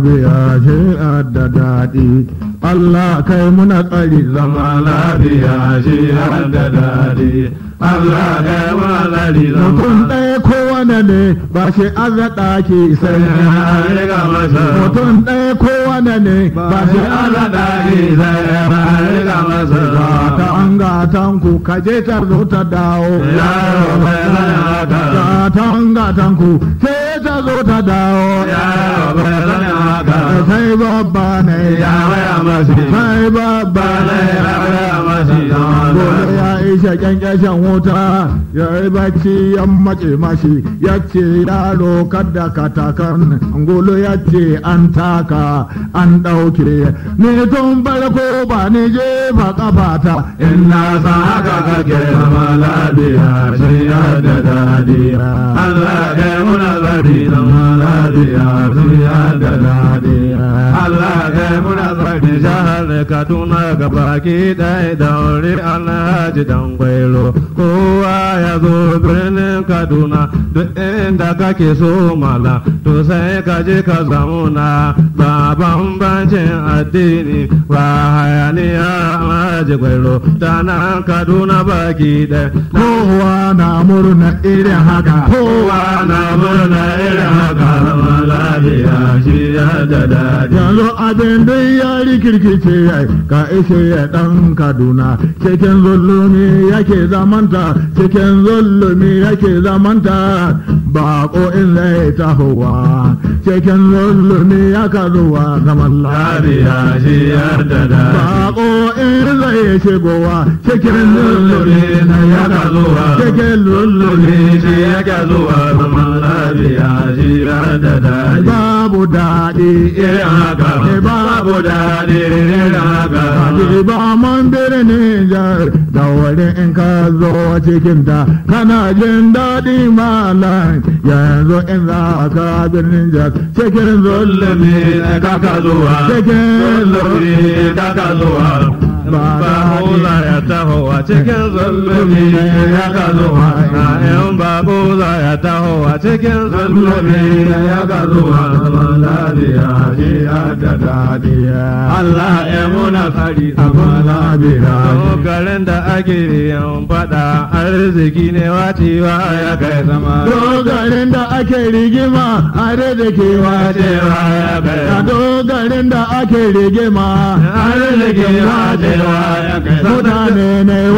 biya shi da daɗi Allah kai muna tsari zama lafiya shi da daɗi Allah kai muna tsari zama mutum ɗaya kowane ne ba shi azaɗa ke sai ya ga masa mutum ɗaya kowane ne ba shi azaɗa ke sai ya ga masa ba ta an gatan ku ka je ta zo ta dawo ya ga ta an gatan ku sai تزور تداو يا ربنا سيب ربنا يا مسيح سيب ربنا يا مسيح yi shaƙen ƙyashen wuta ya yi bacci ya mace mashi ya ce yaro kada ka takan angulu ya ce an taka an ɗauke ni tun farko ba ni je ba ƙafata in na sa haka kake zama lafiya sai ya da daɗi Allah kai muna zafi zama lafiya sai ya da daɗi Allah kai muna mai kaduna gabaki ɗaya da wuri alhaji dan kwairo kowa ya zo duna duk inda kake so mala to sai ka je ka zauna ba bambancin addini ba hayaniya maji gwairo ta nan Kaduna baki ɗaya. Kowa na murna irin haka. Kowa na murna irin haka malariya shi ya da daɗi. Yanzu abin duk ya rikirkice ya ka ishe ya ɗan Kaduna cikin zulumi yake zamanta cikin zulumi yake zamanta. manta bako in zai tahowa cikin lullumi ya karuwa kamar ya shi ya da bako in zai shigowa cikin lullumi ya ya zuwa cikin lullumi shi ya karuwa kamar lariya shi ya da babu daɗi irin haka babu daɗi irin haka ba man birnin jar da wuri in ka zo cikinta kana jin daɗi ya yanzu in za ka birnin jas cikin zulumi ka ka zuwa cikin zulumi ka ka zuwa cikin zulumi ya kazo haka in ba buza ya taho a cikin zulumi ya kazo haka man lafiya shi a da dadiya Allah ya muna fari a man lafiya garin da ake yan fada arziki ne wacewa ya kai sama dogarin da ake rigima arziki wacewa ya kai sama dogarin da ake rigima arziki wacewa ya kai sama mutane ne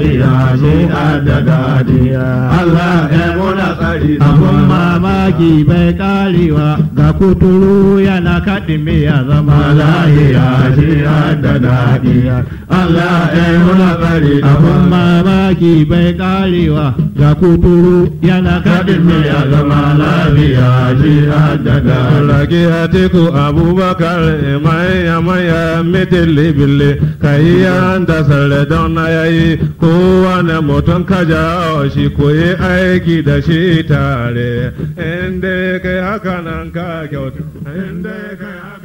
gadiya shi adda gadiya Allah ya muna tsari abun mamaki bai karewa ga kuturu yana kaɗin miya zama lahiya shi adda gadiya Allah ya muna tsari abun mamaki bai karewa ga kuturu yana kaɗin miya zama lahiya shi adda gadiya Lagi Atiku Abubakar maya maya mitilibili kayi an da sare don na yayi ko kowane mutum ka jawo shi koyi aiki da shi tare inda kai haka nan ka kyautu inda kai haka